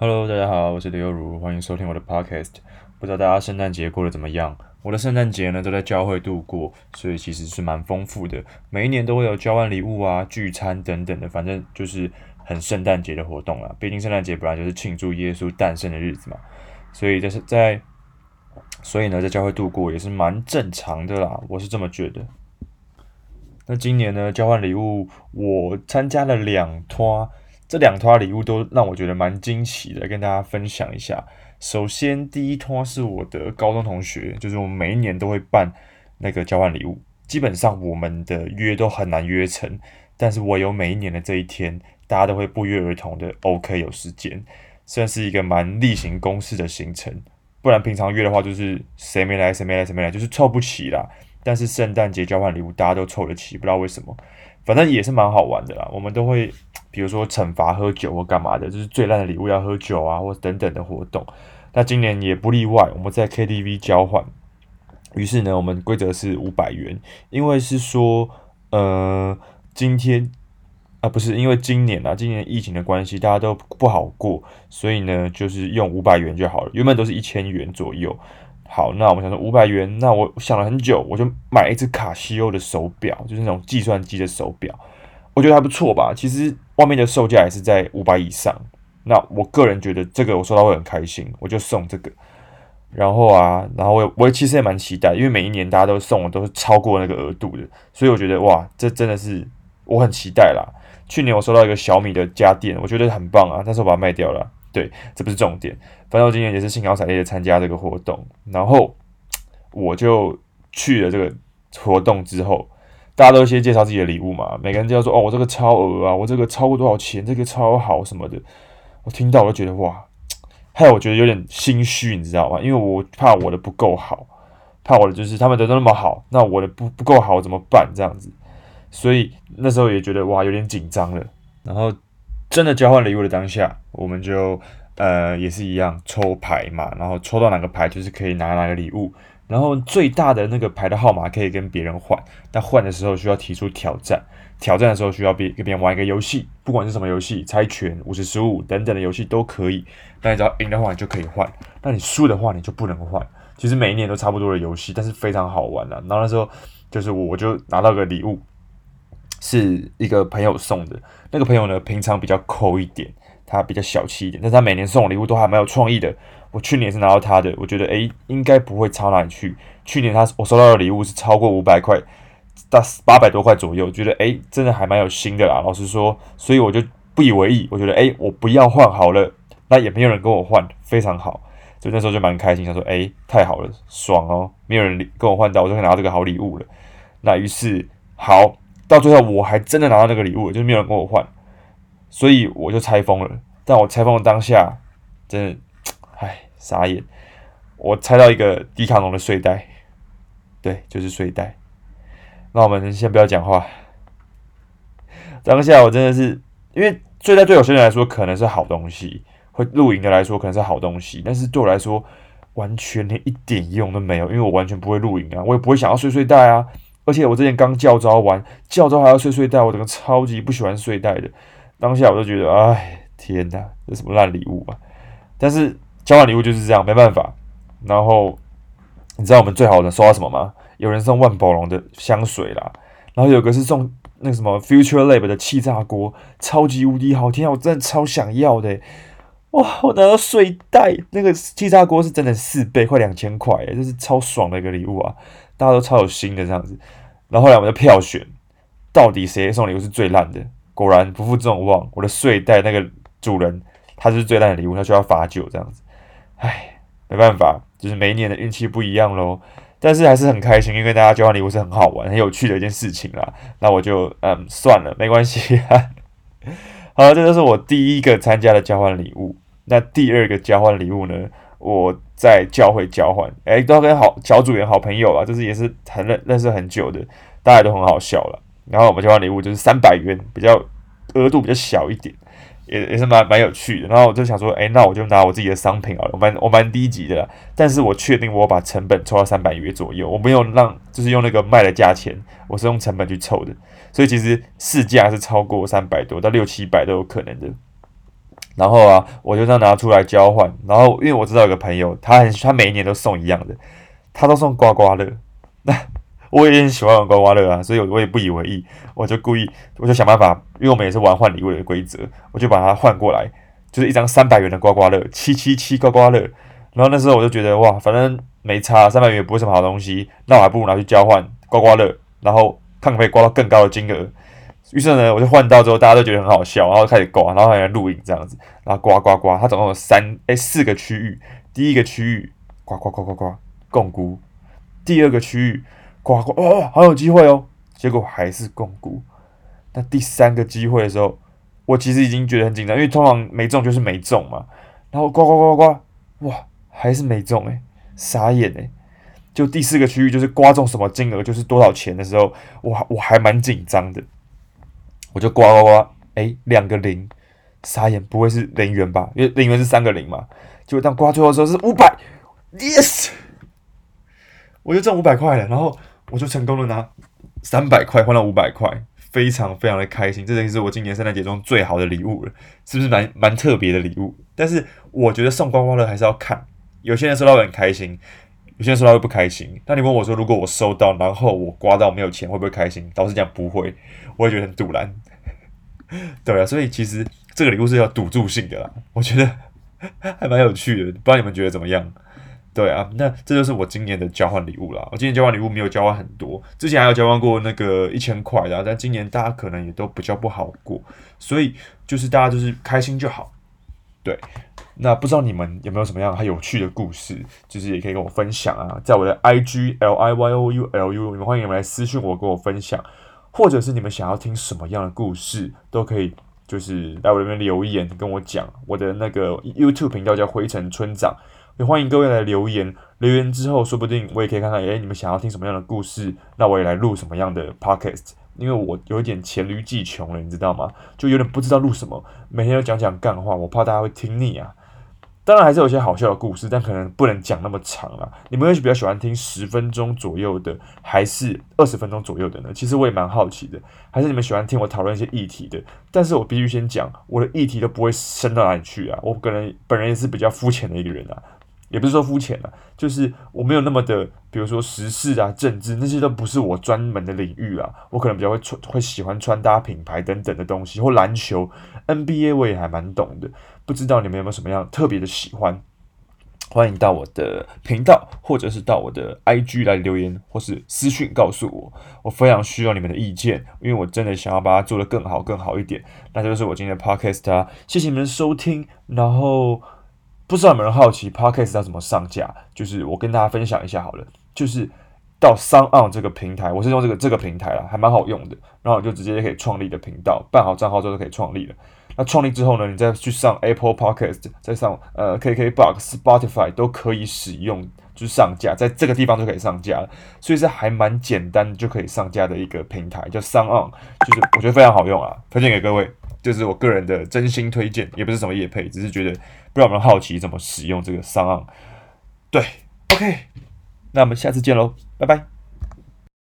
Hello，大家好，我是劉有如，歡迎收聽我的 Podcast。不知道大家聖誕節過得怎麼樣？我的聖誕節呢，都在教會度過，所以其實是蠻豐富的。每一年都會有交換禮物啊、聚餐等等的，反正就是很聖誕節的活動啦。畢竟聖誕節本來就是慶祝耶穌誕生的日子嘛，所以就是在，所以呢，在教會度過也是蠻正常的啦。我是這麼覺得。那今年呢，交換禮物我參加了兩攤。這兩套禮物都讓我覺得蠻驚奇的，跟大家分享一下。首先，第一套是我的高中同學，就是我們每一年都會辦那個交換禮物。基本上我們的約都很難約成，但是我有每一年的這一天，大家都會不約而同的，OK，有時間，算是一個蠻例行公事的行程。不然平常約的話，就是誰沒來，誰沒來，誰沒來，就是湊不齊啦。但是聖誕節交換禮物，大家都湊得齊，不知道為什麼。反正也是蠻好玩的啦，我們都會，比如說懲罰喝酒或幹嘛的，就是最爛的禮物要喝酒啊，或等等的活動。那今年也不例外，我們在 KTV 交換。於是呢，我們規則是五百元，因為是說，呃，今天啊，呃，不是，因為今年啊，今年疫情的關係，大家都不好過，所以呢，就是用五百元就好了，原本都是一千元左右。好，那我們想說五百元，那我想了很久，我就買一隻卡西歐的手錶，就是那種計算機的手錶，我覺得還不錯吧。其實外面的售價也是在五百以上。那我個人覺得這個我收到會很開心，我就送這個。然後啊，然後我我其實也蠻期待，因為每一年大家都送我都是超過那個額度的，所以我覺得哇，這真的是我很期待啦。去年我收到一個小米的家電，我覺得很棒啊，但是我把它賣掉了。對，這不是重點。反正我今天也是興高采烈的參加這個活動，然後我就去了這個活動之後，大家都先介紹自己的禮物嘛。每個人都要說：“哦，我這個超額啊，我這個超過多少錢，這個超好什麼的。”我聽到我就覺得哇，害我覺得有點心虛，你知道嗎？因為我怕我的不夠好，怕我的就是他們得到那麼好，那我的不不夠好怎麼辦？這樣子，所以那時候也覺得哇，有點緊張了。然後。真的交換禮物的當下，我們就呃也是一樣抽牌嘛，然後抽到哪個牌就是可以拿哪個禮物，然後最大的那個牌的號碼可以跟別人換，但換的時候需要提出挑戰，挑戰的時候需要別跟別人玩一個遊戲，不管是什麼遊戲，猜拳、五十十五等等的遊戲都可以，但你只要贏的話你就可以換，那你輸的話你就不能換。其實每一年都差不多的遊戲，但是非常好玩的啊。然後那時候就是我就拿到個禮物。是一個朋友送的，那個朋友呢，平常比較摳一點，他比較小氣一點，但是他每年送我禮物都還蠻有創意的。我去年是拿到他的，我覺得誒應該不會差哪裡去。去年他我收到的禮物是超過五百塊，到八百多塊左右，覺得誒真的還蠻有心的啦。老實說，所以我就不以為意，我覺得誒我不要換好了，那也沒有人跟我換，非常好，就那時候就蠻開心，想說誒太好了，爽哦，沒有人跟我換到，我就可以拿到這個好禮物了。那於是好。到最後，我還真的拿到那個禮物，就是沒有人跟我換，所以我就拆封了。但我拆封的當下，真的，唉，傻眼！我拆到一個迪卡儂的睡袋，對，就是睡袋。那我們先不要講話。當下我真的是，因為睡袋對我現在來說可能是好東西，會露營的來說可能是好東西，但是對我來說完全連一點用都沒有，因為我完全不會露營啊，我也不會想要睡睡袋啊。而且我之前剛教召完，教召還要睡睡袋，我整個超級不喜歡睡袋的。當下我就覺得，哎，天哪，這什麼爛禮物啊！但是交換禮物就是這樣，沒辦法。然後你知道我們最好能收到什麼嗎？有人送萬寶龍的香水啦，然後有個是送那個什麼 Future Lab 的氣炸鍋，超級無敵好，天啊，我真的超想要的！哇，我拿到睡袋，那個氣炸鍋是真的四倍快兩千塊，這是超爽的一個禮物啊！大家都超有心的這樣子，然後後來我們就票選，到底誰送禮物是最爛的？果然不負眾望，我的睡袋那個主人他就是最爛的禮物，他就要罰酒這樣子。唉，沒辦法，就是每一年的運氣不一樣嘍。但是還是很開心，因為大家交換禮物是很好玩、很有趣的一件事情啦。那我就嗯算了，沒關係啊。好了，這就是我第一個參加的交換禮物。那第二個交換禮物呢？我在教會交換，誒、欸，都要跟好小組員、好朋友啊，就是也是很認認識很久的，大家都很好笑了。然後我們交換禮物就是三百元，比較額度比較小一點，也也是蠻蠻有趣的。然後我就想說，誒、欸，那我就拿我自己的商品好了，我蠻我蠻低級的啦，但是我確定我把成本抽到三百元左右，我沒有讓就是用那個賣的價錢，我是用成本去湊的，所以其實市價是超過三百多到六七百都有可能的。然後啊，我就這樣拿出來交換。然後，因為我知道有個朋友，他很他每一年都送一樣的，他都送刮刮樂。那我也很喜歡玩刮刮樂啊，所以我也不以為意，我就故意，我就想辦法，因為我每次玩換禮物的規則，我就把它換過來，就是一張三百元的刮刮樂，七七七刮刮樂。然後那時候我就覺得哇，反正沒差，三百元也不是什麼好東西，那我還不如拿去交換刮刮樂，然後看可不可以刮到更高的金額。於是呢，我就換到之後，大家都覺得很好笑，然後開始刮，然後還在錄影這樣子，然後刮刮刮，它總共有三哎、欸、四個區域，第一個區域刮刮刮刮刮摃龜，第二個區域刮刮哦好有機會哦，結果還是摃龜，那第三個機會的時候，我其實已經覺得很緊張，因為通常沒中就是沒中嘛，然後刮刮刮刮哇還是沒中誒、欸，傻眼誒、欸。就第四個區域就是刮中什麼金額就是多少錢的時候，我我還蠻緊張的。我就刮刮刮，哎、欸，兩個零，傻眼，不會是零元吧？因為零元是三個零嘛。結果當刮最後的時候是五百，yes，我就掙五百塊了，然後我就成功的拿三百塊換到五百塊，非常非常的開心。這已經是我今年聖誕節中最好的禮物了，是不是蠻蠻特別的禮物？但是我覺得送刮刮樂還是要看，有些人收到很開心。有些人說他會不開心，那你問我說，如果我收到，然後我刮到沒有錢，會不會開心？老實講不會，我也覺得很賭爛。對啊，所以其實這個禮物是要賭注性的啦，我覺得還蠻有趣的。不知道你們覺得怎麼樣？對啊，那這就是我今年的交換禮物啦。我今年交換禮物沒有交換很多，之前還有交換過那個一千塊啦，然後但今年大家可能也都比較不好過，所以就是大家就是開心就好。對。那不知道你們有沒有什麼樣很有趣的故事，就是也可以跟我分享啊，在我的 I G L I Y O U L U，你們歡迎你們來私信我跟我分享，或者是你們想要聽什麼樣的故事，都可以，就是來我這邊留言跟我講。我的那個 YouTube 頻道叫《灰塵村長》，也歡迎各位來留言。留言之後，說不定我也可以看看，誒、欸，你們想要聽什麼樣的故事，那我也來錄什麼樣的 Podcast。因為我有一點黔驢技窮了，你知道嗎？就有點不知道錄什麼，每天都講講幹話，我怕大家會聽膩啊。當然還是有些好笑的故事，但可能不能講那麼長了。你們也是比較喜歡聽十分鐘左右的，還是二十分鐘左右的呢？其實我也蠻好奇的，還是你們喜歡聽我討論一些議題的？但是我必須先講，我的議題都不會深到哪裡去啊。我可能本人也是比較膚淺的一個人啊，也不是說膚淺啊，就是我沒有那麼的，比如說時事啊、政治那些都不是我專門的領域啊。我可能比較會穿，會喜歡穿搭品牌等等的東西，或籃球，NBA 我也還蠻懂的。不知道你們有沒有什麼樣特別的喜歡？歡迎到我的頻道，或者是到我的 IG 來留言，或是私訊告訴我，我非常需要你們的意見，因為我真的想要把它做得更好更好一點。那就是我今天的 Podcast 啊，謝謝你們收聽。然後不知道有沒有人好奇 Podcast 要怎麼上架？就是我跟大家分享一下好了，就是到 SoundOn 這個平台，我是用這個這個平台啦，還蠻好用的。然後我就直接可以創立的頻道，辦好賬號之後就可以創立了。那創立之後呢，你再去上 Apple Podcast，再上呃 KK Box、KKbox, Spotify 都可以使用，就上架，在這個地方就可以上架了，所以是還蠻簡單就可以上架的一個平台，叫 SoundOn 就是我覺得非常好用啊，推薦給各位，就是我個人的真心推薦，也不是什麼業配，只是覺得不知道有沒有好奇怎麼使用這個 SoundOn 對，OK，那我們下次見嘍，拜拜。